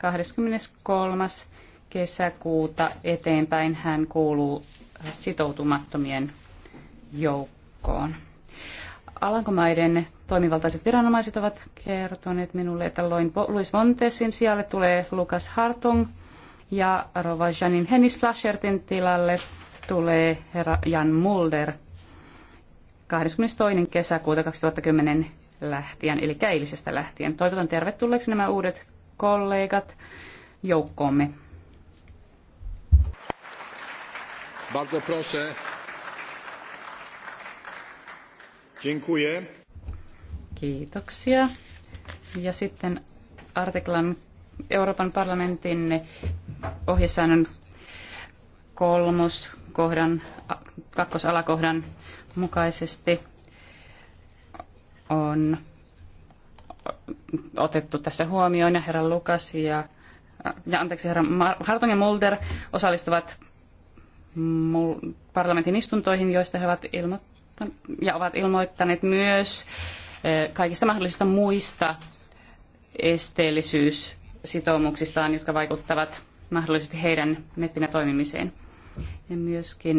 23. kesäkuuta eteenpäin hän kuuluu sitoutumattomien joukkoon. Alankomaiden toimivaltaiset viranomaiset ovat kertoneet minulle, että Louis Vontesin sijalle tulee Lukas Hartung ja Rova Janin Hennis Flashertin tilalle tulee herra Jan Mulder 22. kesäkuuta 2010 lähtien, eli eilisestä lähtien. Toivotan tervetulleeksi nämä uudet kollegat joukkoomme. Kiitoksia. Ja sitten artiklan Euroopan parlamentin ohjesäännön kolmoskohdan, kakkosalakohdan mukaisesti on otettu tässä huomioon ja herra Lukas ja, ja anteeksi, herra Harton ja Mulder osallistuvat parlamentin istuntoihin, joista he ovat ilmoittaneet ja ovat ilmoittaneet myös e, kaikista mahdollisista muista esteellisyyssitoumuksistaan, jotka vaikuttavat mahdollisesti heidän meppinä toimimiseen. Ja myöskin